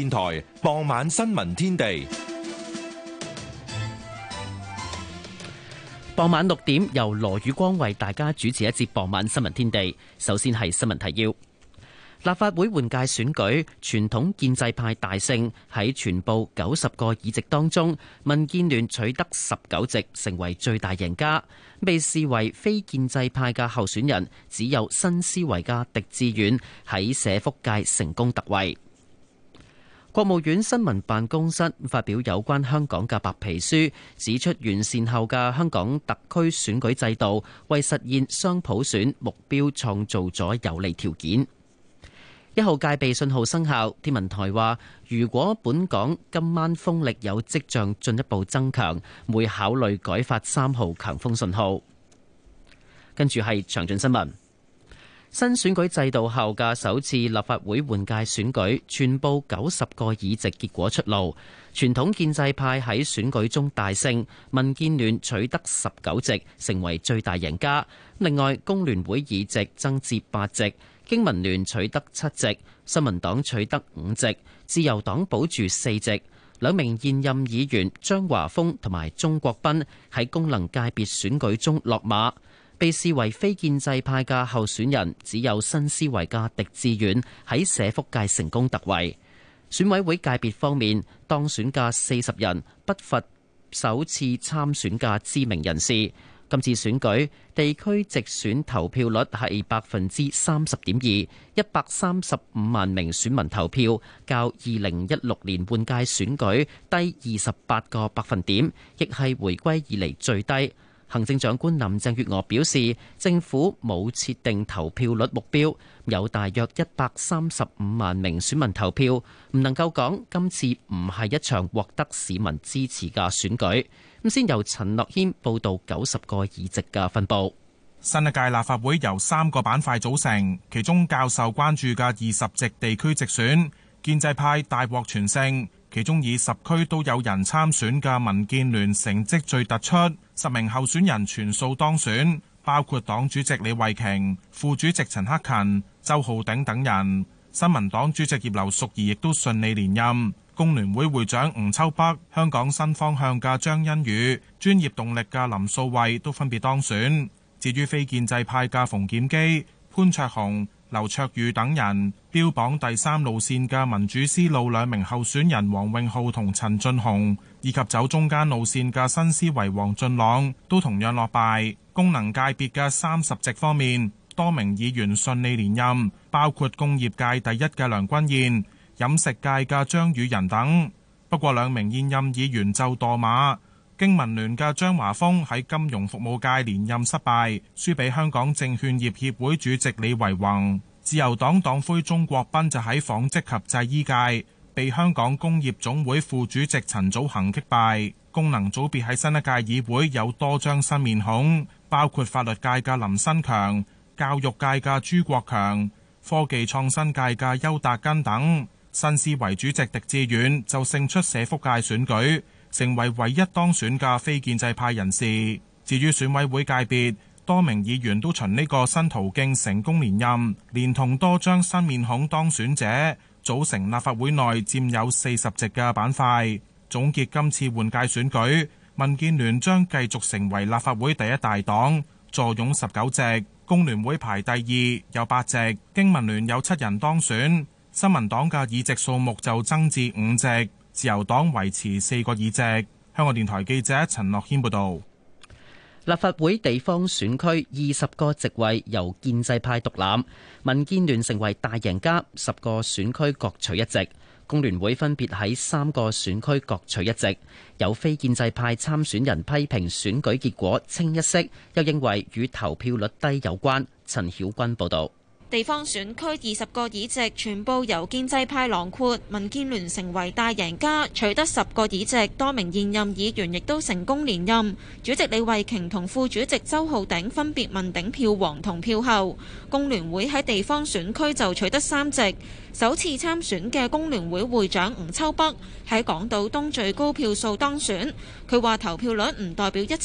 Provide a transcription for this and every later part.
電台傍晚新聞天地，傍晚六點由羅宇光為大家主持一節傍晚新聞天地。首先係新聞提要：立法會換屆選舉，傳統建制派大勝，喺全部九十個議席當中，民建聯取得十九席，成為最大贏家。被視為非建制派嘅候選人，只有新思維嘅狄志遠喺社福界成功突圍。國務院新聞辦公室發表有關香港嘅白皮書，指出完善後嘅香港特區選舉制度，為實現雙普選目標創造咗有利條件。一號戒備訊號生效，天文台話，如果本港今晚風力有迹象進一步增強，會考慮改發三號強風訊號。跟住係詳盡新聞。新選舉制度後嘅首次立法會換屆選舉，全部九十個議席結果出爐。傳統建制派喺選舉中大勝，民建聯取得十九席，成為最大贏家。另外，工聯會議席增至八席，經民聯取得七席，新民黨取得五席，自由黨保住四席。兩名現任議員張華峰同埋鍾國斌喺功能界別選舉中落馬。被視為非建制派嘅候選人，只有新思維嘅狄志遠喺社福界成功突圍。選委會界別方面，當選嘅四十人不乏首次參選嘅知名人士。今次選舉地區直選投票率係百分之三十點二，一百三十五萬名選民投票，較二零一六年換屆選舉低二十八個百分點，亦係回歸以嚟最低。行政長官林鄭月娥表示，政府冇設定投票率目標，有大約一百三十五萬名選民投票，唔能夠講今次唔係一場獲得市民支持嘅選舉。咁先由陳樂軒報道九十個議席嘅分佈。新一屆立法會由三個板塊組成，其中較受關注嘅二十席地區直選，建制派大獲全勝。其中以十區都有人參選嘅民建聯成績最突出，十名候選人全數當選，包括黨主席李慧瓊、副主席陳克勤、周浩鼎等人。新民黨主席葉劉淑儀亦都順利連任，工聯會會長吳秋北、香港新方向嘅張欣宇、專業動力嘅林素慧都分別當選，至於非建制派嘅馮檢基、潘焯鴻、劉卓宇等人標榜第三路線嘅民主思路，兩名候選人黃永浩同陳俊雄，以及走中間路線嘅新思維王俊朗，都同樣落敗。功能界別嘅三十席方面，多名議員順利連任，包括工業界第一嘅梁君彥、飲食界嘅張宇人等。不過，兩名現任議員就墮馬。經民聯嘅張華峰喺金融服務界連任失敗，輸俾香港證券業協會主席李維宏。自由黨黨魁鍾國斌就喺紡織及製衣界被香港工業總會副主席陳祖恒擊敗。功能組別喺新一屆議會有多張新面孔，包括法律界嘅林新強、教育界嘅朱國強、科技創新界嘅邱達根等。新思維主席狄志遠就勝出社福界選舉。成為唯一當選嘅非建制派人士。至於選委會界別，多名議員都循呢個新途徑成功連任，連同多張新面孔當選者，組成立法會內佔有四十席嘅板塊。總結今次換屆選舉，民建聯將繼續成為立法會第一大黨，坐擁十九席；工聯會排第二，有八席；經民聯有七人當選，新民黨嘅議席數目就增至五席。自由黨維持四個議席。香港電台記者陳樂謙報道，立法會地方選區二十個席位由建制派獨攬，民建聯成為大贏家，十個選區各取一席，工聯會分別喺三個選區各取一席。有非建制派參選人批評選舉結果清一色，又認為與投票率低有關。陳曉君報道。地方選區二十個議席全部由建制派囊括，民建聯成為大贏家，取得十個議席，多名現任議員亦都成功連任。主席李慧瓊同副主席周浩鼎分別問鼎票王同票后，工聯會喺地方選區就取得三席。首次參選嘅工聯會會長吳秋北喺港島東最高票數當選。佢話投票率唔代表一切，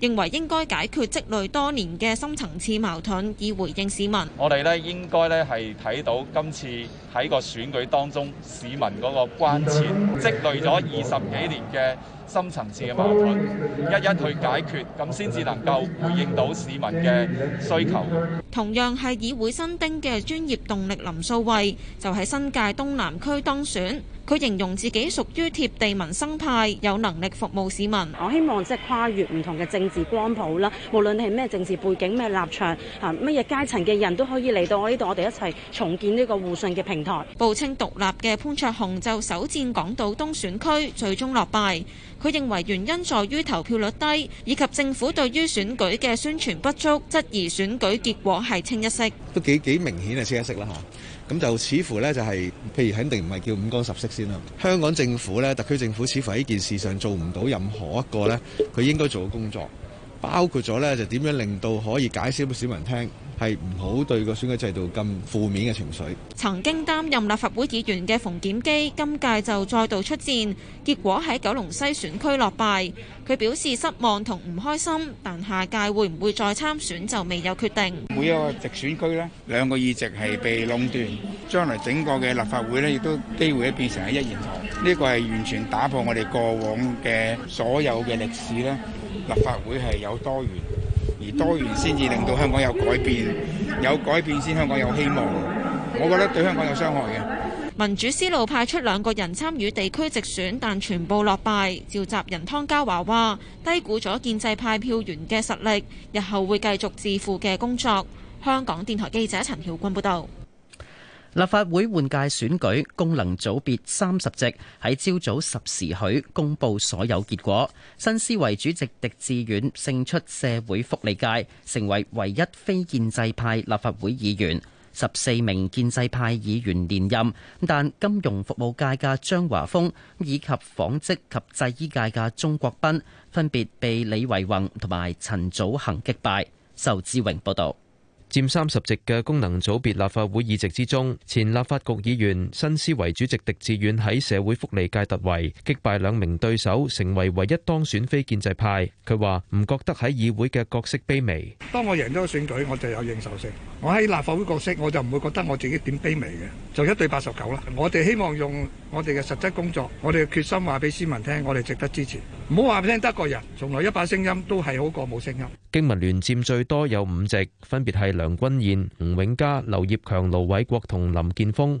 認為應該解決積累多年嘅深層次矛盾，以回應市民。我哋呢應該呢係睇到今次喺個選舉當中，市民嗰個關切，積累咗二十幾年嘅。深層次嘅矛盾，一一去解決，咁先至能夠回應到市民嘅需求。同樣係議會新丁嘅專業動力林素慧，就喺新界東南區當選。佢形容自己屬於貼地民生派，有能力服務市民。我希望即係跨越唔同嘅政治光譜啦，無論你係咩政治背景、咩立場、啊乜嘢階層嘅人都可以嚟到我呢度，我哋一齊重建呢個互信嘅平台。報稱獨立嘅潘卓雄就首戰港島東選區，最終落敗，佢認為原因在於投票率低以及政府對於選舉嘅宣傳不足，質疑選舉結果係清一色。都幾幾明顯係，清一色啦嚇。咁就似乎呢，就係、是，譬如肯定唔係叫五光十色先啦。香港政府呢，特區政府似乎喺呢件事上做唔到任何一個呢，佢應該做嘅工作，包括咗呢，就點樣令到可以解釋俾市民聽。係唔好對個選舉制度咁負面嘅情緒。曾經擔任立法會議員嘅馮檢基，今屆就再度出戰，結果喺九龍西選區落敗。佢表示失望同唔開心，但下屆會唔會再參選就未有決定。每個直選區呢，兩個議席係被壟斷，將來整個嘅立法會呢，亦都機會呢變成係一言堂。呢個係完全打破我哋過往嘅所有嘅歷史呢，立法會係有多元。而多元先至令到香港有改變，有改變先香港有希望。我覺得對香港有傷害嘅。民主思路派出兩個人參與地區直選，但全部落敗。召集人湯家驊話低估咗建制派票員嘅實力，日後會繼續自負嘅工作。香港電台記者陳曉君報道。立法會換屆選舉功能組別三十席喺朝早十時許公布所有結果，新思維主席狄志遠勝出社會福利界，成為唯一非建制派立法會議員。十四名建制派議員連任，但金融服務界嘅張華峰以及紡織及製衣界嘅鐘國斌分別被李惟宏同埋陳祖恒擊敗。仇志榮報道。佔三十席嘅功能組別立法會議席之中，前立法局議員新思維主席狄志遠喺社會福利界突圍，擊敗兩名對手，成為唯一當選非建制派。佢話唔覺得喺議會嘅角色卑微。當我贏咗選舉，我就有認受性。我喺立法會角色，我就唔會覺得我自己點卑微嘅。就一對八十九啦！我哋希望用我哋嘅實質工作，我哋嘅決心話俾市民聽，我哋值得支持。唔好話俾聽德國人，從來一把聲音都係好過冇聲音。經民聯佔最多有五席，分別係梁君彥、吳永嘉、劉業強、盧偉國同林建峰。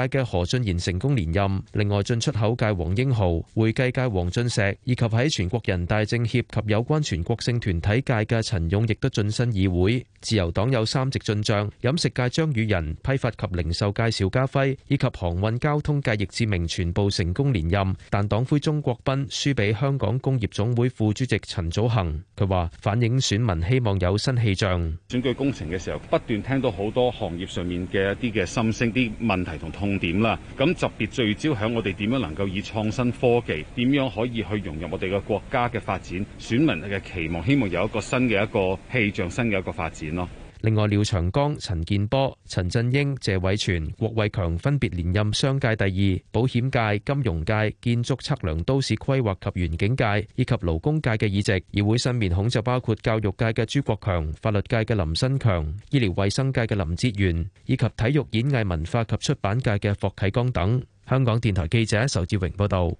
界嘅何俊賢成功連任，另外進出口界黃英豪、會計界黃俊碩以及喺全國人大政協及有關全國性團體界嘅陳勇，亦都晉身議會。自由黨有三席進賬，飲食界張宇人、批發及零售界邵家輝以及航運交通界易志明，全部成功連任。但黨魁鍾國斌輸俾香港工業總會副主席陳祖恒。佢話反映選民希望有新氣象。選舉工程嘅時候，不斷聽到好多行業上面嘅一啲嘅心聲，啲問題同痛。重點啦，咁特別聚焦響我哋點樣能夠以創新科技，點樣可以去融入我哋嘅國家嘅發展，選民嘅期望，希望有一個新嘅一個氣象，新嘅一個發展咯。另外，廖長江、陳健波、陳振英、謝偉銓、郭偉強分別連任商界第二、保險界、金融界、建築測量都市規劃及園景界以及勞工界嘅議席，議會新面孔就包括教育界嘅朱國強、法律界嘅林新強、醫療衛生界嘅林哲元以及體育演藝文化及出版界嘅霍啟剛等。香港電台記者仇志榮報道。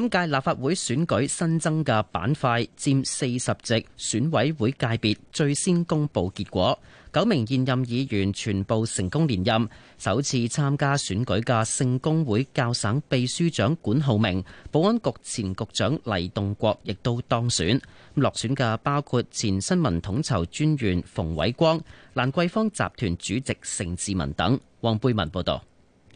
今屆立法會選舉新增嘅板塊佔四十席選委會界別最先公布結果，九名現任議員全部成功連任。首次參加選舉嘅聖公會教省秘書長管浩明、保安局前局長黎棟國亦都當選。落選嘅包括前新聞統籌專員馮偉光、蘭桂坊集團主席盛智文等。黃貝文報道。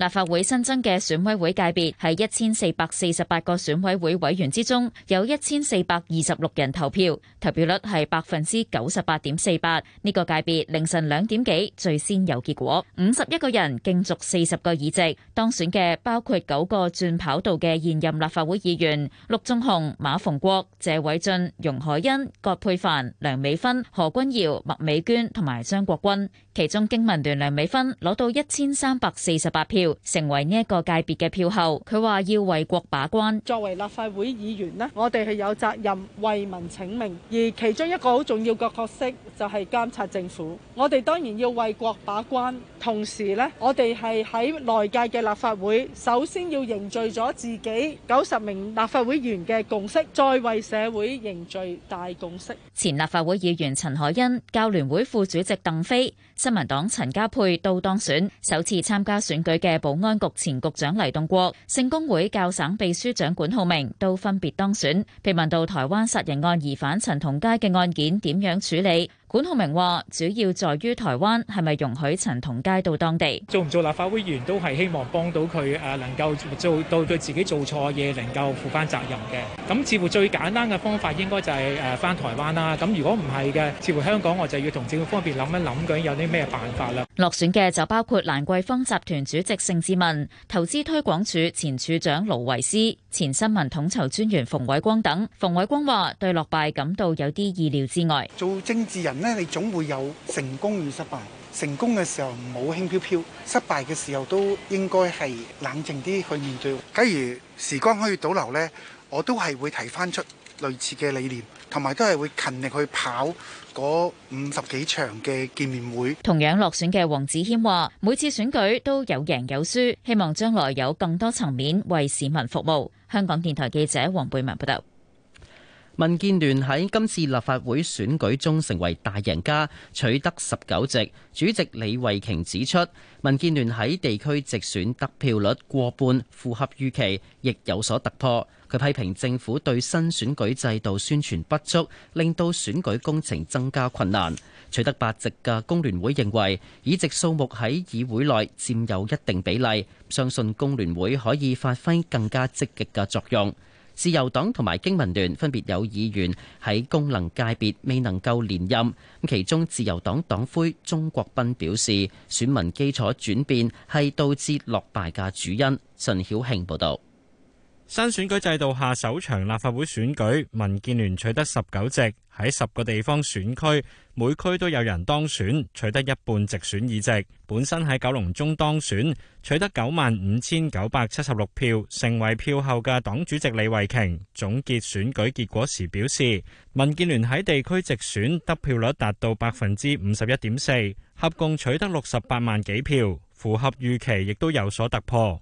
立法會新增嘅選委會界別喺一千四百四十八個選委會委員之中，有一千四百二十六人投票，投票率係百分之九十八點四八。呢、這個界別凌晨兩點幾最先有結果，五十一個人競逐四十個議席，當選嘅包括九個轉跑道嘅現任立法會議員：陸頌雄、馬逢國、謝偉俊、容海恩、葛珮帆、梁美芬、何君堯、麥美娟同埋張國鈞。其中經民聯梁美芬攞到一千三百四十八票，成為呢一個界別嘅票后，佢話要為國把關。作為立法會議員呢，我哋係有責任為民請命，而其中一個好重要嘅角色就係監察政府。我哋當然要為國把關，同時呢，我哋係喺內界嘅立法會，首先要凝聚咗自己九十名立法會員嘅共識，再為社會凝聚大共識。前立法會議員陳海欣、教聯會副主席鄧飛。新民黨陳家佩都當選，首次參加選舉嘅保安局前局長黎棟國、聖公會教省秘書長管浩明都分別當選。被問到台灣殺人案疑犯陳同佳嘅案件點樣處理？管浩明話主要在於台灣係咪容許陳同佳到當地做唔做立法會議員都係希望幫到佢誒、呃、能夠做到佢自己做錯嘢能夠負翻責任嘅。咁似乎最簡單嘅方法應該就係誒翻台灣啦。咁如果唔係嘅，似乎香港我就要同政府方面諗一諗究竟有啲咩辦法啦。落選嘅就包括蘭桂坊集團主席盛智文、投資推廣署前署長盧維斯、前新聞統籌專員馮偉光等。馮偉光話對落敗感到有啲意料之外。做政治人。呢，你總會有成功與失敗。成功嘅時候唔好輕飄飄，失敗嘅時候都應該係冷靜啲去面對。假如時光可以倒流呢，我都係會提翻出類似嘅理念，同埋都係會勤力去跑嗰五十幾場嘅見面會。同樣落選嘅黃子謙話：每次選舉都有贏有輸，希望將來有更多層面為市民服務。香港電台記者黃貝文報道。民建聯喺今次立法會選舉中成為大贏家，取得十九席。主席李慧瓊指出，民建聯喺地區直選得票率過半，符合預期，亦有所突破。佢批評政府對新選舉制度宣傳不足，令到選舉工程增加困難。取得八席嘅工聯會認為，議席數目喺議會內佔有一定比例，相信工聯會可以發揮更加積極嘅作用。自由黨同埋經民聯分別有議員喺功能界別未能夠連任，其中自由黨黨魁鍾國斌表示，選民基礎轉變係導致落敗嘅主因。陳曉慶報導。新選舉制度下首場立法會選舉，民建聯取得十九席，喺十個地方選區，每區都有人當選，取得一半直選議席。本身喺九龍中當選，取得九萬五千九百七十六票，成為票后嘅黨主席李慧瓊，總結選舉結果時表示，民建聯喺地區直選得票率達到百分之五十一點四，合共取得六十八萬幾票，符合預期，亦都有所突破。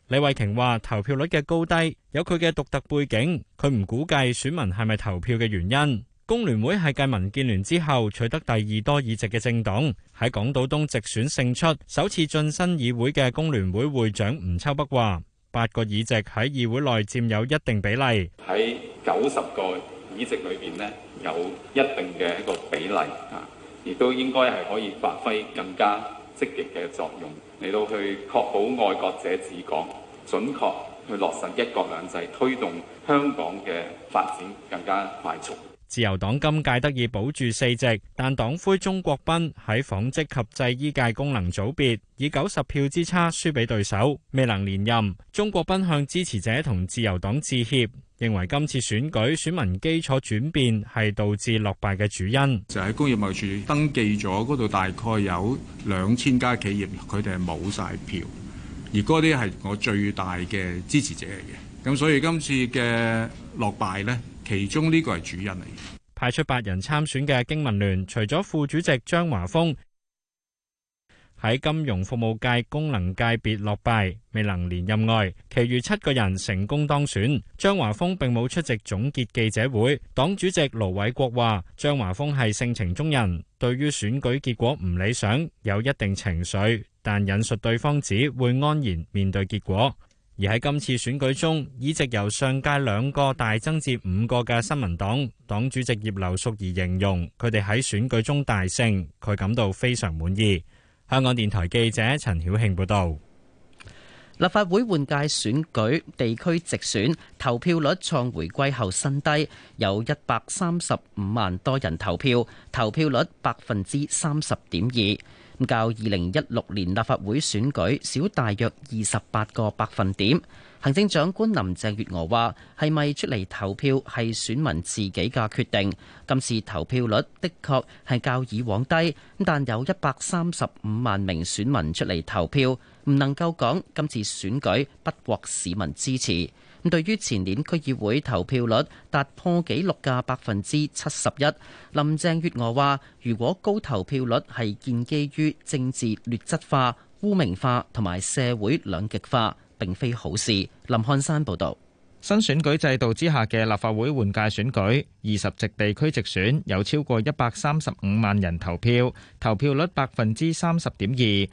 李慧瓊話：投票率嘅高低有佢嘅獨特背景，佢唔估計選民係咪投票嘅原因。工聯會係繼民建聯之後取得第二多議席嘅政黨，喺港島東直選勝出，首次晉身議會嘅工聯會會長吳秋北話：八個議席喺議會內佔有一定比例，喺九十個議席裏邊呢，有一定嘅一個比例啊，亦都應該係可以發揮更加積極嘅作用嚟，到去確保愛國者治港。準確去落實一國兩制，推動香港嘅發展更加快速。自由黨今屆得以保住四席，但黨魁鍾國斌喺紡織及製衣界功能組別以九十票之差輸俾對手，未能連任。鍾國斌向支持者同自由黨致歉，認為今次選舉選民基礎轉變係導致落敗嘅主因。就喺工業貿易署登記咗嗰度，大概有兩千家企業，佢哋係冇晒票。而嗰啲係我最大嘅支持者嚟嘅，咁所以今次嘅落敗呢，其中呢個係主因嚟嘅。派出八人參選嘅經民聯，除咗副主席張華峰，喺金融服務界功能界別落敗，未能連任外，其餘七個人成功當選。張華峰並冇出席總結記者會。黨主席盧偉國話：張華峰係性情中人，對於選舉結果唔理想，有一定情緒。但引述對方指會安然面對結果，而喺今次選舉中，議席由上屆兩個大增至五個嘅新民黨黨主席葉劉淑儀形容佢哋喺選舉中大勝，佢感到非常滿意。香港電台記者陳曉慶報道，立法會換屆選舉地區直選投票率創回歸後新低，有一百三十五萬多人投票，投票率百分之三十點二。較二零一六年立法會選舉少大約二十八個百分點。行政長官林鄭月娥話，係咪出嚟投票係選民自己嘅決定。今次投票率的確係較以往低，咁但有一百三十五萬名選民出嚟投票，唔能夠講今次選舉不獲市民支持。咁對於前年區議會投票率打破紀錄嘅百分之七十一，林鄭月娥話：如果高投票率係建基於政治劣質化、污名化同埋社會兩極化，並非好事。林漢山報導。新選舉制度之下嘅立法會換屆選舉，二十席地區直選有超過一百三十五萬人投票，投票率百分之三十點二，比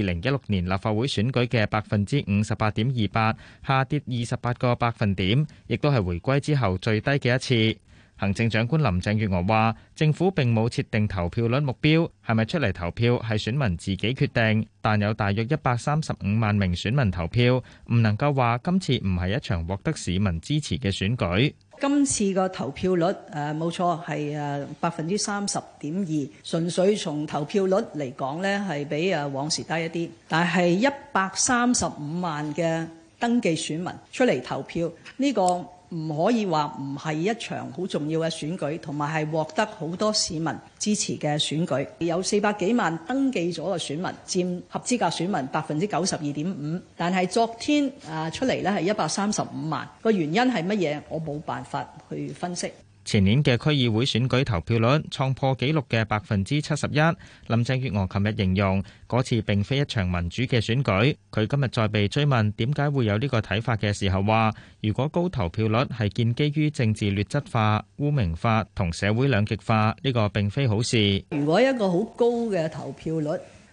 二零一六年立法會選舉嘅百分之五十八點二八下跌二十八個百分點，亦都係回歸之後最低嘅一次。行政長官林鄭月娥話，政府並冇設定投票率目標，係咪出嚟投票係選民自己決定。但有大約一百三十五萬名選民投票，唔能夠話今次唔係一場獲得市民支持嘅選舉。今次個投票率誒冇錯係誒百分之三十點二，純粹從投票率嚟講咧係比誒往時低一啲，但係一百三十五萬嘅登記選民出嚟投票呢個。唔可以話唔係一場好重要嘅選舉，同埋係獲得好多市民支持嘅選舉。有四百幾萬登記咗嘅選民，佔合資格選民百分之九十二點五。但係昨天啊出嚟咧係一百三十五萬，個原因係乜嘢？我冇辦法去分析。前年嘅區議會選舉投票率創破紀錄嘅百分之七十一，林鄭月娥琴日形容嗰次並非一場民主嘅選舉。佢今日再被追問點解會有呢個睇法嘅時候話：如果高投票率係建基於政治劣質化、污名化同社會兩極化，呢個並非好事。如果一個好高嘅投票率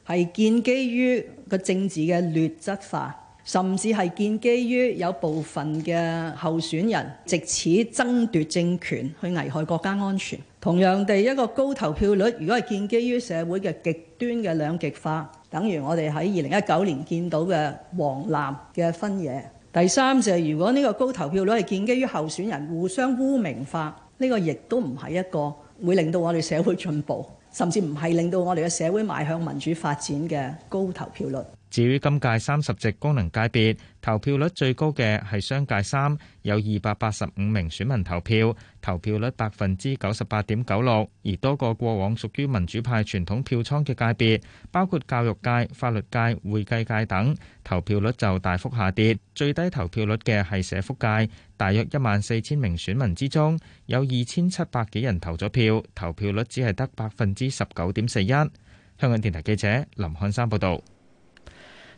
係建基於個政治嘅劣質化，甚至係建基於有部分嘅候選人藉此爭奪政權，去危害國家安全。同樣地，一個高投票率，如果係建基於社會嘅極端嘅兩極化，等於我哋喺二零一九年見到嘅黃藍嘅分野。第三就係，如果呢個高投票率係建基於候選人互相污名化，呢個亦都唔係一個會令到我哋社會進步，甚至唔係令到我哋嘅社會邁向民主發展嘅高投票率。至於今屆三十席功能界別投票率最高嘅係商界三，有二百八十五名選民投票，投票率百分之九十八點九六。而多個過往屬於民主派傳統票倉嘅界別，包括教育界、法律界、會計界等，投票率就大幅下跌。最低投票率嘅係社福界，大約一萬四千名選民之中有二千七百幾人投咗票，投票率只係得百分之十九點四一。香港電台記者林漢山報導。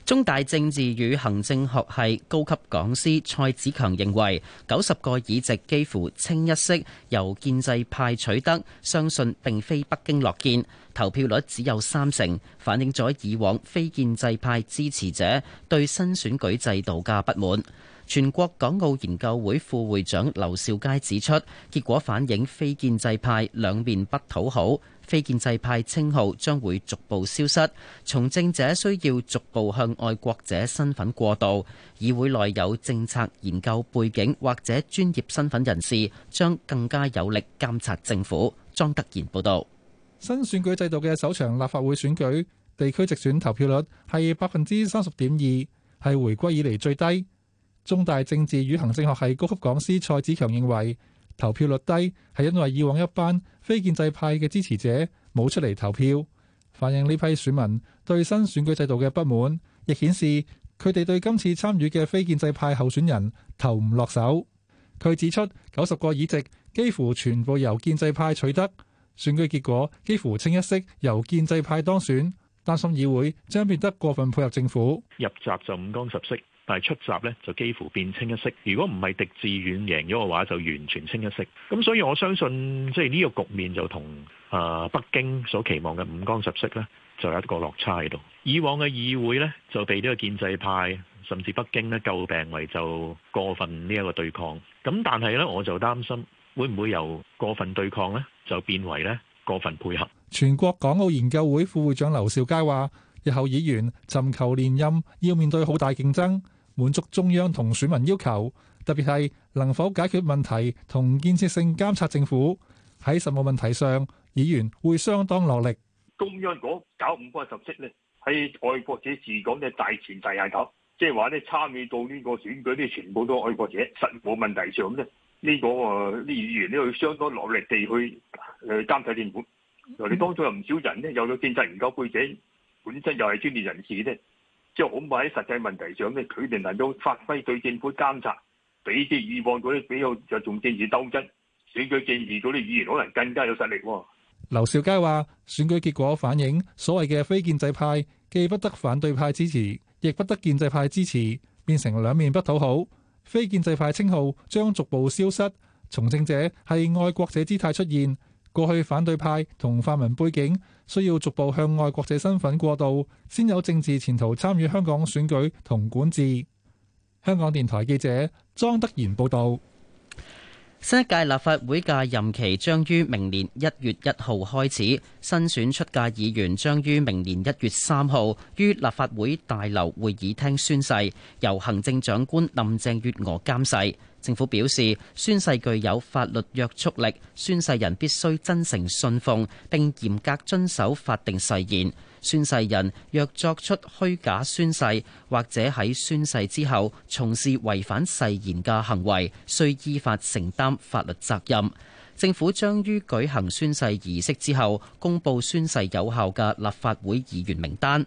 中大政治與行政學系高級講師蔡子強認為，九十個議席幾乎清一色由建制派取得，相信並非北京樂見，投票率只有三成，反映咗以往非建制派支持者對新選舉制度嘅不滿。全國港澳研究會副會長劉兆佳指出，結果反映非建制派兩面不討好，非建制派稱號將會逐步消失。從政者需要逐步向愛國者身份過渡。議會內有政策研究背景或者專業身份人士，將更加有力監察政府。莊德賢報導，新選舉制度嘅首場立法會選舉地區直選投票率係百分之三十點二，係回歸以嚟最低。中大政治與行政學系高級講師蔡子強認為，投票率低係因為以往一班非建制派嘅支持者冇出嚟投票，反映呢批選民對新選舉制度嘅不滿，亦顯示佢哋對今次參與嘅非建制派候選人投唔落手。佢指出，九十個議席幾乎全部由建制派取得，選舉結果幾乎清一色由建制派當選，擔心議會將變得過分配合政府，入閘就五光十色。但係出閘咧，就幾乎變清一色。如果唔係狄志遠贏咗嘅話，就完全清一色。咁所以我相信，即係呢個局面就同啊、呃、北京所期望嘅五光十色呢，就有一個落差喺度。以往嘅議會呢，就被呢個建制派甚至北京呢詬病為，就過分呢一個對抗。咁但係呢，我就擔心會唔會由過分對抗呢？就變為呢過分配合。全國港澳研究會副會長劉兆佳話，日後議員尋求連任，要面對好大競爭。滿足中央同選民要求，特別係能否解決問題同建設性監察政府。喺實務問題上，議員會相當落力。中央嗰九五八十七咧，喺愛國者治港嘅大前提下講，即係話咧參與到呢個選舉啲全部都愛國者，實務問題上咧，呢、呢個啊啲、呃、議員都要相當落力地去去、呃、監察政府。嗱，你當中有唔少人呢，又有建制研究背景，本身又係專業人士咧。即係恐怕喺實際問題上咧，佢哋能夠發揮對政府監察，俾啲以往嗰啲比較着重政治鬥爭選舉政治嗰啲議員可能更加有實力。劉兆佳話選舉結果反映所謂嘅非建制派既不得反對派支持，亦不得建制派支持，變成兩面不討好。非建制派稱號將逐步消失，從政者係愛國者姿態出現。過去反對派同泛民背景，需要逐步向外國者身份過渡，先有政治前途參與香港選舉同管治。香港電台記者莊德賢報導，新一屆立法會嘅任期將於明年一月一號開始，新選出嘅議員將於明年一月三號於立法會大樓會議廳宣誓，由行政長官林鄭月娥監誓。政府表示，宣誓具有法律約束力，宣誓人必須真誠信奉，並嚴格遵守法定誓言。宣誓人若作出虛假宣誓，或者喺宣誓之後從事違反誓言嘅行為，需依法承擔法律責任。政府將於舉行宣誓儀式之後，公布宣誓有效嘅立法會議員名單。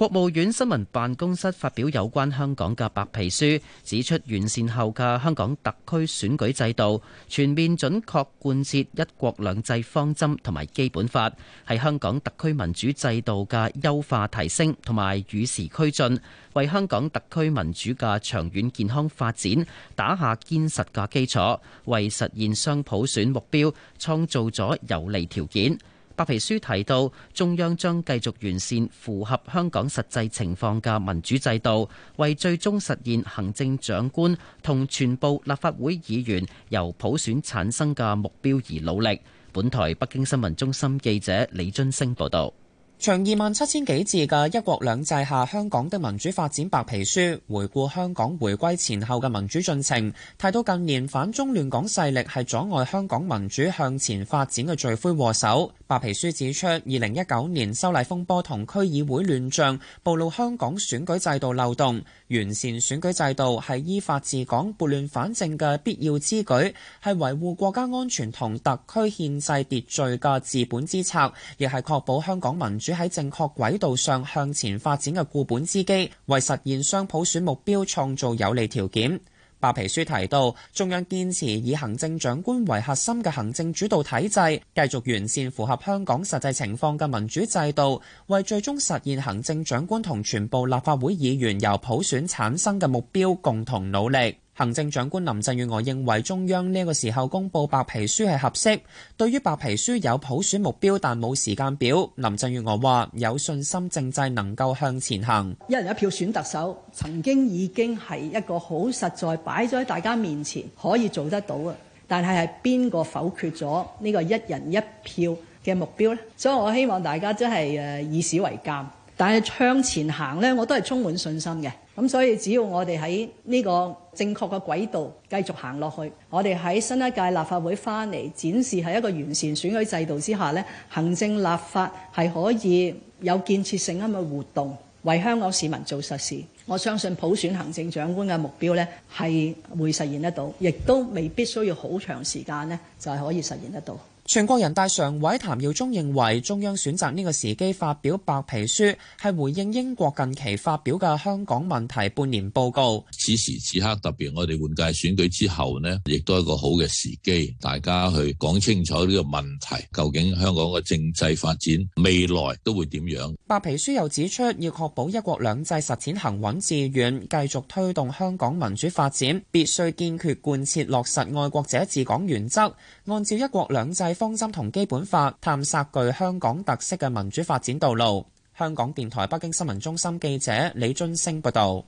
國務院新聞辦公室發表有關香港嘅白皮書，指出完善後嘅香港特區選舉制度，全面準確貫徹一國兩制方針同埋基本法，係香港特區民主制度嘅優化提升同埋與時俱進，為香港特區民主嘅長遠健康發展打下堅實嘅基礎，為實現雙普選目標創造咗有利條件。白皮書提到，中央將繼續完善符合香港實際情況嘅民主制度，為最終實現行政長官同全部立法會議員由普選產生嘅目標而努力。本台北京新聞中心記者李津升報道。長二萬七千幾字嘅《一國兩制下香港的民主發展白皮書》回顧香港回歸前後嘅民主進程，提到近年反中亂港勢力係阻礙香港民主向前發展嘅罪魁禍首。白皮書指出，二零一九年修例風波同區議會亂象，暴露香港選舉制度漏洞，完善選舉制度係依法治港、撥亂反正嘅必要之舉，係維護國家安全同特區憲制秩序嘅治本之策，亦係確保香港民主。喺正確軌道上向前發展嘅固本之基，為實現雙普選目標創造有利條件。白皮書提到，中央堅持以行政長官為核心嘅行政主導體制，繼續完善符合香港實際情況嘅民主制度，為最終實現行政長官同全部立法會議員由普選產生嘅目標共同努力。行政長官林鄭月娥認為中央呢個時候公布白皮書係合適，對於白皮書有普選目標，但冇時間表。林鄭月娥話有信心政制能夠向前行，一人一票選特首，曾經已經係一個好實在擺咗喺大家面前可以做得到嘅，但係係邊個否決咗呢個一人一票嘅目標呢？所以我希望大家真係誒以史為鑒。但係向前行咧，我都係充滿信心嘅。咁所以只要我哋喺呢個正確嘅軌道繼續行落去，我哋喺新一屆立法會翻嚟展示喺一個完善選舉制度之下咧，行政立法係可以有建設性咁嘅活動，為香港市民做實事。我相信普選行政長官嘅目標咧係會實現得到，亦都未必需要好長時間咧就係可以實現得到。全國人大常委譚耀宗認為中央選擇呢個時機發表白皮書，係回應英國近期發表嘅香港問題半年報告。此時此刻，特別我哋換屆選舉之後呢，亦都係一個好嘅時機，大家去講清楚呢個問題，究竟香港嘅政制發展未來都會點樣。白皮書又指出，要確保一國兩制實踐行穩致遠，繼續推動香港民主發展，必須堅決貫徹落實愛國者治港原則，按照一國兩制。方針同基本法，探索具香港特色嘅民主發展道路。香港電台北京新聞中心記者李津星報道。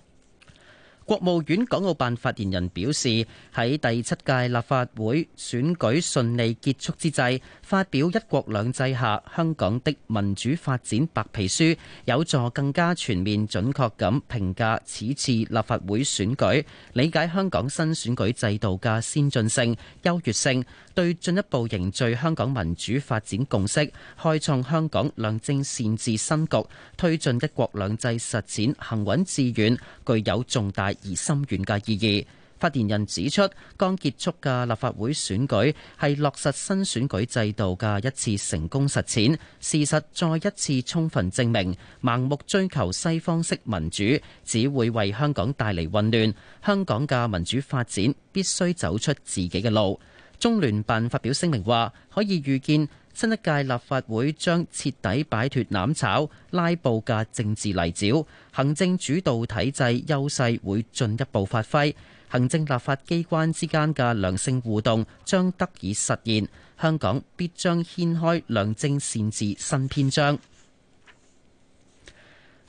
國務院港澳辦發言人表示，喺第七屆立法會選舉順利結束之際，發表《一國兩制下香港的民主發展白皮書》有助更加全面準確咁評價此次立法會選舉，理解香港新選舉制度嘅先進性、優越性，對進一步凝聚香港民主發展共識，開創香港良政善治新局、推進一國兩制實踐行穩致遠具有重大。而深遠嘅意義，發言人指出，剛結束嘅立法會選舉係落實新選舉制度嘅一次成功實踐，事實再一次充分證明，盲目追求西方式民主，只會為香港帶嚟混亂。香港嘅民主發展必須走出自己嘅路。中聯辦發表聲明話，可以預見。新一屆立法會將徹底擺脫攬炒、拉布嘅政治泥沼，行政主導體制優勢會進一步發揮，行政立法機關之間嘅良性互動將得以實現，香港必將掀開良政善治新篇章。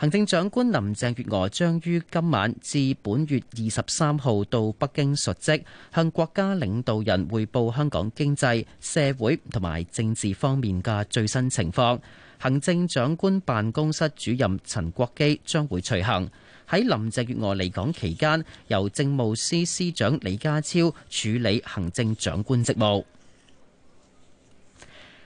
行政長官林鄭月娥將於今晚至本月二十三號到北京述職，向國家領導人匯報香港經濟、社會同埋政治方面嘅最新情況。行政長官辦公室主任陳國基將會隨行。喺林鄭月娥離港期間，由政務司司長李家超處理行政長官職務。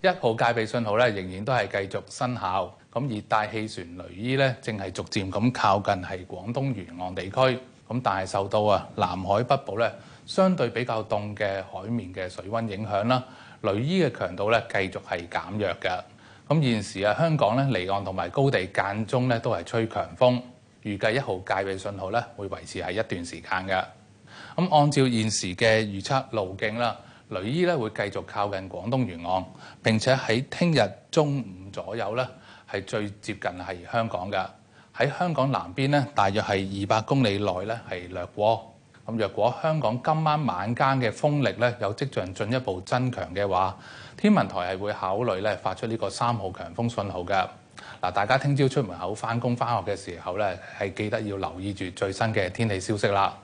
一號戒備信號咧仍然都係繼續生效，咁熱帶氣旋雷伊咧正係逐漸咁靠近係廣東沿岸地區，咁但係受到啊南海北部咧相對比較凍嘅海面嘅水溫影響啦，雷伊嘅強度咧繼續係減弱嘅。咁現時啊，香港咧離岸同埋高地間中咧都係吹強風，預計一號戒備信號咧會維持係一段時間嘅。咁按照現時嘅預測路徑啦。雷伊咧會繼續靠近廣東沿岸，並且喺聽日中午左右咧係最接近係香港嘅。喺香港南邊咧，大約係二百公里內咧係掠過。咁若果香港今晚晚間嘅風力咧有跡象進一步增強嘅話，天文台係會考慮咧發出呢個三號強風信號㗎。嗱，大家聽朝出門口返工返學嘅時候咧，係記得要留意住最新嘅天氣消息啦。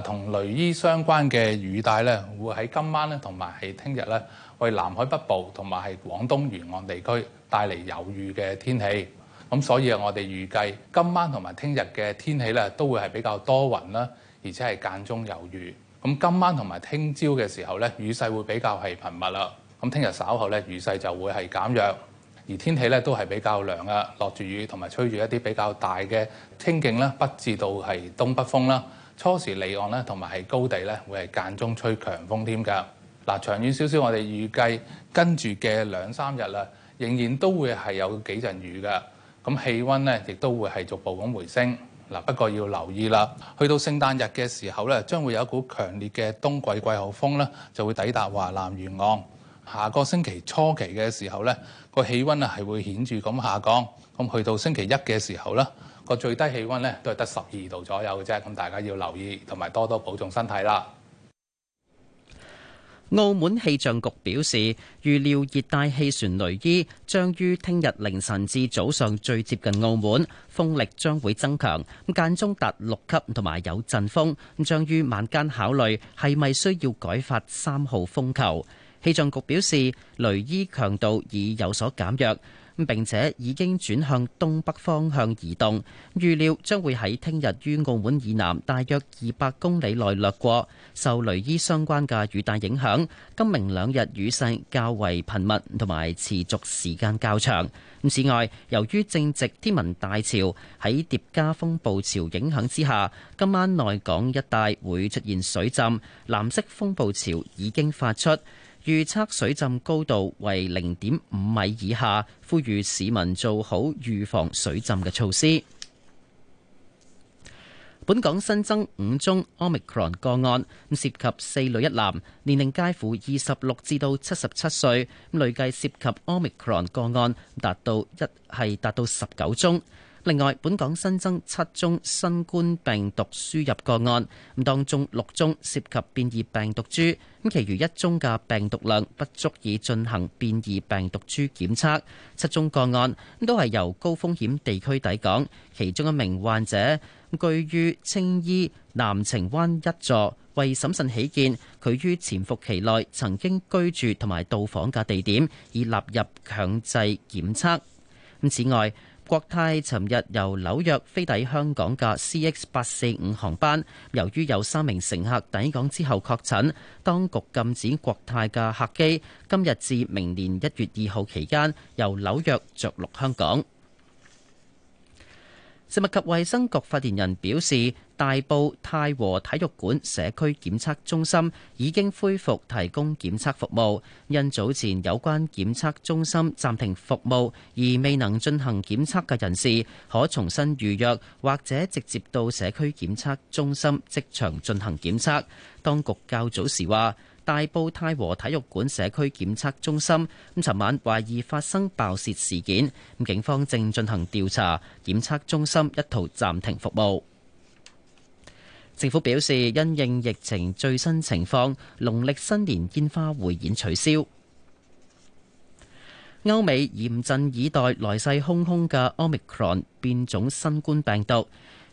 同雷伊相關嘅雨帶咧，會喺今晚咧，同埋係聽日咧，為南海北部同埋係廣東沿岸地區帶嚟有雨嘅天氣。咁所以啊，我哋預計今晚同埋聽日嘅天氣咧，都會係比較多雲啦，而且係間中有雨。咁今晚同埋聽朝嘅時候咧，雨勢會比較係頻密啦。咁聽日稍後咧，雨勢就會係減弱，而天氣咧都係比較涼啊，落住雨同埋吹住一啲比較大嘅清勁咧，不至到係東北風啦。初時離岸咧，同埋係高地咧，會係間中吹強風添㗎。嗱，長遠少少，我哋預計跟住嘅兩三日啦，仍然都會係有幾陣雨㗎。咁氣温咧，亦都會係逐步咁回升。嗱，不過要留意啦，去到聖誕日嘅時候咧，將會有一股強烈嘅冬季季候風咧，就會抵達華南沿岸。下個星期初期嘅時候咧，個氣温啊係會顯著咁下降。咁去到星期一嘅時候咧。個最低氣溫咧都係得十二度左右嘅啫，咁大家要留意同埋多多保重身體啦。澳門氣象局表示，預料熱帶氣旋雷伊將於聽日凌晨至早上最接近澳門，風力將會增強，間中達六級同埋有陣風。咁將於晚間考慮係咪需要改發三號風球。氣象局表示，雷伊強度已有所減弱。並且已經轉向東北方向移動，預料將會喺聽日於澳門以南大約二百公里內掠過。受雷伊相關嘅雨帶影響，今明兩日雨勢較為頻密同埋持續時間較長。此外，由於正值天文大潮喺疊加風暴潮影響之下，今晚內港一帶會出現水浸，藍色風暴潮已經發出。預測水浸高度為零點五米以下，呼籲市民做好預防水浸嘅措施。本港新增五宗 Omicron 個案，咁涉及四女一男，年齡介乎二十六至到七十七歲，咁累計涉及 Omicron 個案達到一係達到十九宗。另外，本港新增七宗新冠病毒輸入個案，咁當中六宗涉及變異病毒株，咁其餘一宗嘅病毒量不足以進行變異病毒株檢測，七宗個案都係由高風險地區抵港，其中一名患者居於青衣南澄灣一座，為審慎起見，佢於潛伏期內曾經居住同埋到訪嘅地點已納入強制檢測，此外，國泰尋日由紐約飛抵香港嘅 CX 八四五航班，由於有三名乘客抵港之後確診，當局禁止國泰嘅客機今日至明年一月二號期間由紐約着陸香港。食物及衛生局發言人表示，大埔太和體育館社區檢測中心已經恢復提供檢測服務。因早前有關檢測中心暫停服務而未能進行檢測嘅人士，可重新預約或者直接到社區檢測中心即場進行檢測。當局較早時話。大埔太和體育館社區檢測中心，咁尋晚懷疑發生爆竊事件，咁警方正進行調查，檢測中心一度暫停服務。政府表示，因應疫情最新情況，農曆新年煙花匯演取消。歐美嚴陣以待，來勢洶洶嘅 Omicron 變種新冠病毒。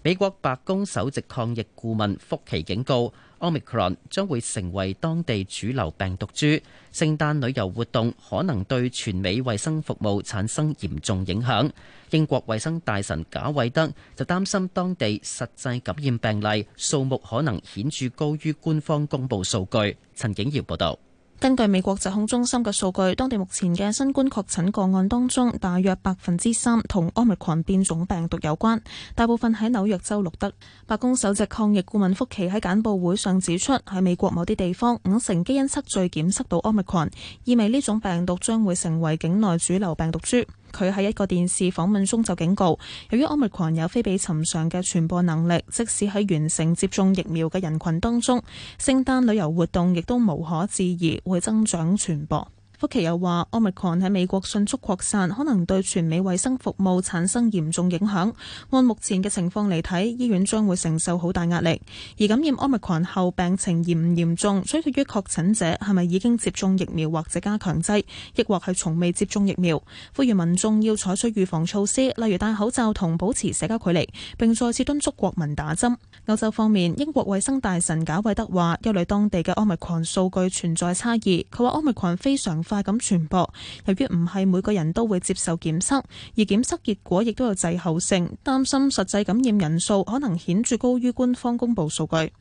美國白宮首席抗疫顧問福奇警告，Omicron 將會成為當地主流病毒株。聖誕旅遊活動可能對全美衛生服務產生嚴重影響。英國衛生大臣賈偉德就擔心，當地實際感染病例數目可能顯著高於官方公佈數據。陳景堯報道。根據美國疾控中心嘅數據，當地目前嘅新冠確診個案當中，大約百分之三同 Omicron 變種病毒有關，大部分喺紐約州錄得。白宮首席抗疫顧問福奇喺簡報會上指出，喺美國某啲地方，五成基因測序檢測到 Omicron，意味呢種病毒將會成為境內主流病毒株。佢喺一個電視訪問中就警告，由於 Omicron 有非比尋常嘅傳播能力，即使喺完成接種疫苗嘅人群當中，聖誕旅遊活動亦都無可置疑會增長傳播。福奇又話：奧密克戎喺美國迅速擴散，可能對全美衛生服務產生嚴重影響。按目前嘅情況嚟睇，醫院將會承受好大壓力。而感染奧密克戎後病情嚴唔嚴重，取決於確診者係咪已經接種疫苗或者加強劑，亦或係從未接種疫苗。呼籲民眾要採取預防措施，例如戴口罩同保持社交距離。並再次敦促國民打針。歐洲方面，英國衛生大臣賈偉德話，因為當地嘅奧密克戎數據存在差異，佢話奧密克戎非常快咁傳播。由於唔係每個人都會接受檢測，而檢測結果亦都有滯後性，擔心實際感染人數可能顯著高於官方公佈數據。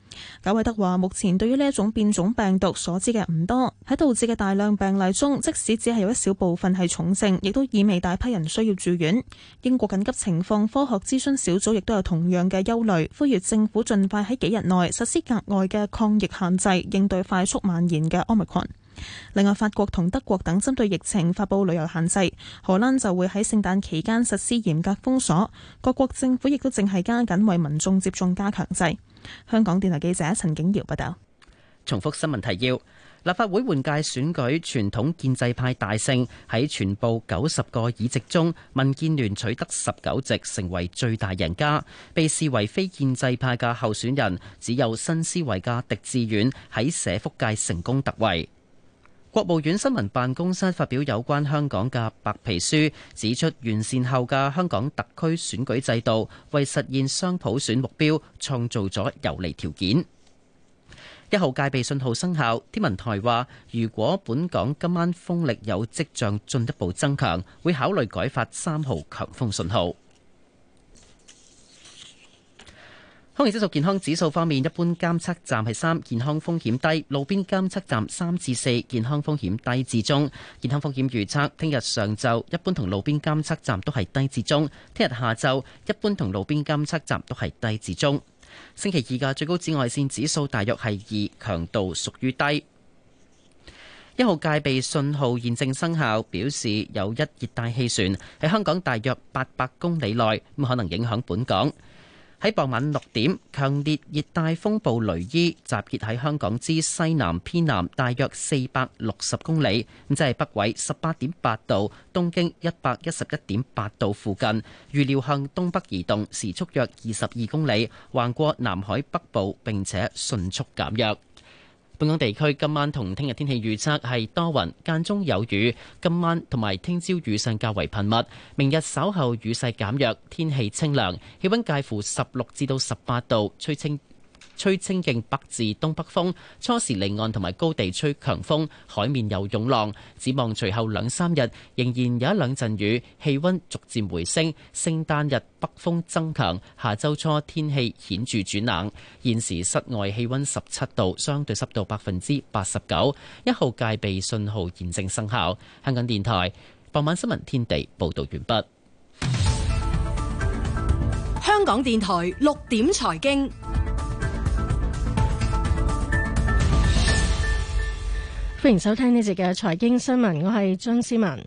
賈偉德話：目前對於呢一種變種病毒所知嘅唔多，喺導致嘅大量病例中，即使只係有一小部分係重症，亦都意味大批人需要住院。英國緊急情況科學諮詢小組亦都有同樣嘅憂慮，呼籲政府盡快喺幾日內實施額外嘅抗疫限制，應對快速蔓延嘅 Omicron。另外，法國同德國等針對疫情發佈旅遊限制，荷蘭就會喺聖誕期間實施嚴格封鎖。各國政府亦都正係加緊為民眾接種加強劑。香港電台記者陳景瑤報道。重複新聞提要，立法會換屆選舉傳統建制派大勝，喺全部九十個議席中，民建聯取得十九席，成為最大贏家。被視為非建制派嘅候選人，只有新思維嘅狄志遠喺社福界成功突圍。國務院新聞辦公室發表有關香港嘅白皮書，指出完善後嘅香港特區選舉制度，為實現雙普選目標創造咗有利條件。一號戒備信號生效，天文台話，如果本港今晚風力有跡象進一步增強，會考慮改發三號強風信號。空氣質素健康指數方面，一般監測站係三，健康風險低；路邊監測站三至四，健康風險低至中。健康風險預測：聽日上晝一般同路邊監測站都係低至中；聽日下晝一般同路邊監測站都係低至中。星期二嘅最高紫外線指數大約係二，強度屬於低。一號戒備信號現正生效，表示有一熱帶氣旋喺香港大約八百公里內，咁可能影響本港。喺傍晚六點，強烈熱帶風暴雷伊集結喺香港之西南偏南大約四百六十公里，咁即係北緯十八點八度、東經一百一十一點八度附近。預料向東北移動，時速約二十二公里，橫過南海北部並且迅速減弱。本港地區今晚同聽日天氣預測係多雲間中有雨，今晚同埋聽朝雨勢較為頻密，明日稍後雨勢減弱，天氣清涼，氣溫介乎十六至到十八度，吹清。吹清勁北至東北風，初時離岸同埋高地吹強風，海面有湧浪。指望隨後兩三日仍然有一兩陣雨，氣温逐漸回升。聖誕日北風增強，下周初天氣顯著轉冷。現時室外氣温十七度，相對濕度百分之八十九，一號戒備信號現正生效。香港電台傍晚新聞天地報道完畢。香港電台六點財經。歡迎收聽呢集嘅財經新聞，我係張思文。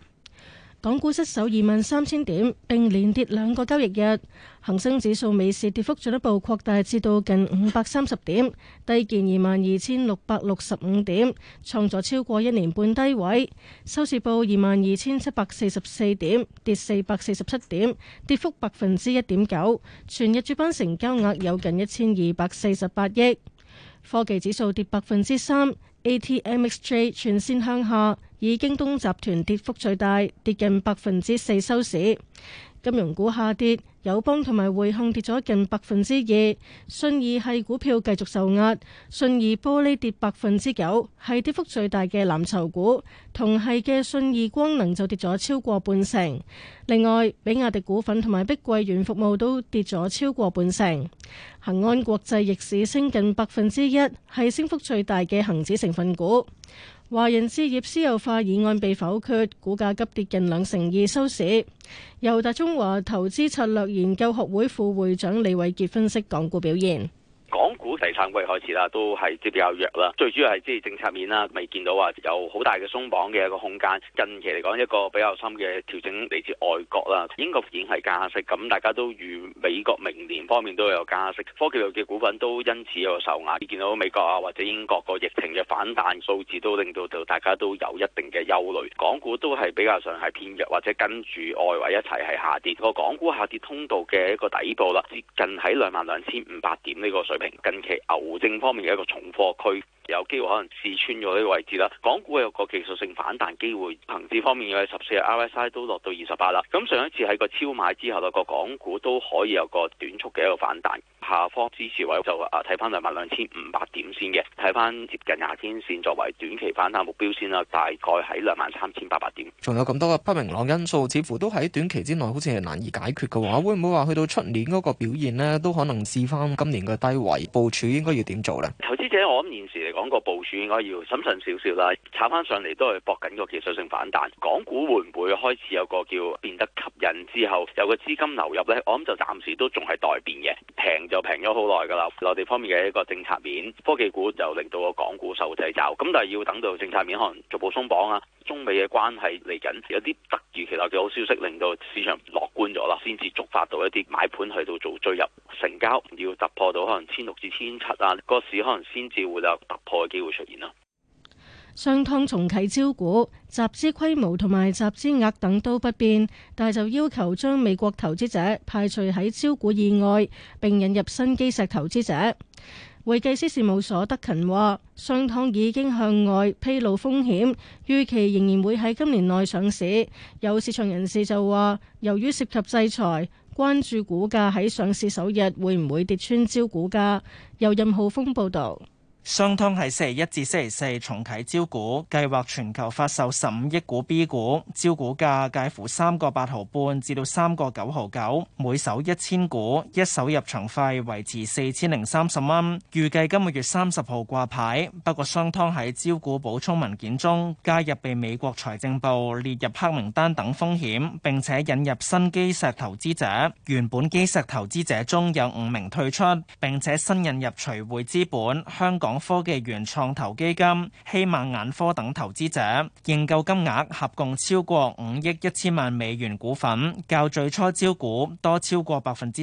港股失守二萬三千點，並連跌兩個交易日，恒生指數尾市跌幅進一步擴大至到近五百三十點，低見二萬二千六百六十五點，創咗超過一年半低位。收市報二萬二千七百四十四點，跌四百四十七點，跌幅百分之一點九。全日主板成交額有近一千二百四十八億。科技指數跌百分之三。ATMXJ 全線向下，以京東集團跌幅最大，跌近百分之四收市。金融股下跌，友邦同埋匯控跌咗近百分之二，信義系股票繼續受壓，信義玻璃跌百分之九，係跌幅最大嘅藍籌股，同係嘅信義光能就跌咗超過半成。另外，比亞迪股份同埋碧桂園服務都跌咗超過半成，恒安國際逆市升近百分之一，係升幅最大嘅恒指成分股。華人置業私有化議案被否決，股價急跌近兩成二收市。由大中華投資策略研究學會副會長李偉傑分析港股表現。港股第三季開始啦，都係即係比較弱啦。最主要係即係政策面啦，未見到話有好大嘅鬆綁嘅一個空間。近期嚟講，一個比較深嘅調整嚟自外國啦。英國已經係加息，咁大家都預美國明年方面都有加息。科技類嘅股份都因此有受壓。見到美國啊或者英國個疫情嘅反彈數字，都令到就大家都有一定嘅憂慮。港股都係比較上係偏弱，或者跟住外圍一齊係下跌。個港股下跌通道嘅一個底部啦，接近喺兩萬兩千五百點呢個水平。近期牛證方面嘅一個重貨區。有機會可能試穿咗呢個位置啦，港股有個技術性反彈機會。恆指方面嘅十四日 RSI 都落到二十八啦。咁、嗯、上一次喺個超買之後，個港股都可以有個短促嘅一個反彈。下方支持位就啊睇翻兩萬兩千五百點先嘅，睇翻接近廿天線作為短期反彈目標先啦。大概喺兩萬三千八百點。仲有咁多嘅不明朗因素，似乎都喺短期之內好似係難以解決嘅話，會唔會話去到出年嗰個表現呢？都可能試翻今年嘅低位部署，部署應該要點做呢？投資者，我諗現時講個部署應該要審慎少少啦，炒翻上嚟都係搏緊個技術性反彈。港股會唔會開始有個叫變得吸引之後有個資金流入呢？我諗就暫時都仲係待變嘅，平就平咗好耐㗎啦。內地方面嘅一個政策面，科技股就令到個港股受制掣，咁但係要等到政策面可能逐步鬆綁啊。中美嘅關係嚟緊有啲突如其來嘅好消息，令到市場樂觀咗啦，先至觸發到一啲買盤去到做追入。要突破到可能千六至千七啊，個市可能先至會有突破嘅機會出現啦。商湯重啟招股，集資規模同埋集資額等都不變，但係就要求將美國投資者排除喺招股以外，並引入新基石投資者。會計師事務所德勤話，商湯已經向外披露風險，預期仍然會喺今年內上市。有市場人士就話，由於涉及制裁。關注股價喺上市首日會唔會跌穿招股價？由任浩峰報導。商湯喺星期一至星期四重啟招股，計劃全球發售十五億股 B 股，招股價介乎三個八毫半至到三個九毫九，每手一千股，一手入場費維持四千零三十蚊，預計今個月三十號掛牌。不過商湯喺招股補充文件中加入被美國財政部列入黑名單等風險，並且引入新基石投資者，原本基石投資者中有五名退出，並且新引入徐匯資本、香港。科技園創投基金、希曼眼科等投資者認購金額合共超過五億一千萬美元股份，較最初招股多超過百分之。